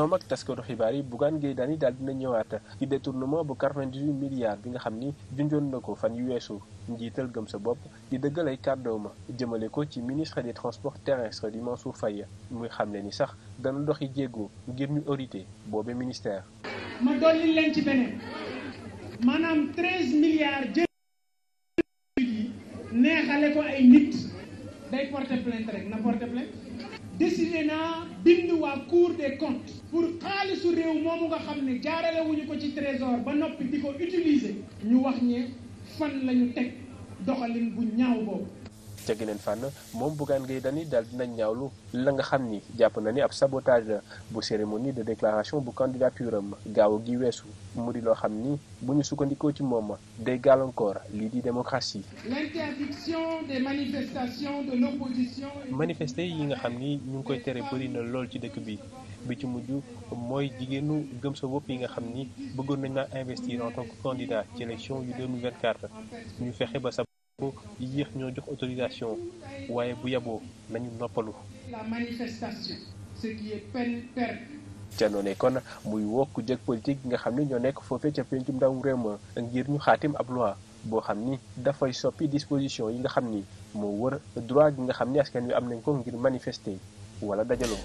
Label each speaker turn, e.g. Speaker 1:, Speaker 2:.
Speaker 1: noom ak taskatu xibaar yi Bougane Gueye Dany daal dina ñëwaat ci détournement bu 98 milliards bi nga xam ni junjoon na ko fan yu weesu njiital gëm sa bopp di dëggal ay kàddoom jëmale ko ci ministre des transports terrestres di Mansour Faye muy xamle ni sax dana doxi jéego ngir ñu audité boobe ministère.
Speaker 2: ma dolli leen ci beneen maanaam 13 jël yi neexale ko ay nit day porter rek na porter décidé naa bind waa cour des comptes pour xaalisu réew moomu nga xam ne jaaralewuñu ko ci trésor ba noppi di ko utiliser ñu wax ni fan la ñu teg doxalin bu ñaaw boobu
Speaker 1: ca geneen fànn moom Bougane Gueye Dany daal dinañ ñaawlu la nga xam ni jàpp na ni ab sabotage la bu cérémonie de déclaration bu candidature ma gaaw gi weesu mu di loo xam ni bu ñu sukkandikoo ci moom day gàllankoor lii di démocratie.
Speaker 2: l'interdiction des manifestations
Speaker 1: yi nga xam ni ñu ngi koy tere bëri na lool ci dëkk bi bi ci mujj mooy jigéenu gëm sa bopp yi nga xam ni bëggoon nañ maa investir en tant que candidat ci élection yu 2024 ñu fexe ba sa. yéex ñoo jox autorisation waaye bu yaboo nañu noppalu.
Speaker 2: la manifestation ce
Speaker 1: ca noonee muy wokk jëg politique nga xam ne ñoo nekk foofee ca pencum ndawum réew ma ngir ñu xaatim ab loi boo xam ni dafay soppi disposition yi nga xam ni moo wër droit gi nga xam ni askan wi am nañ ko ngir manifester wala dajaloo.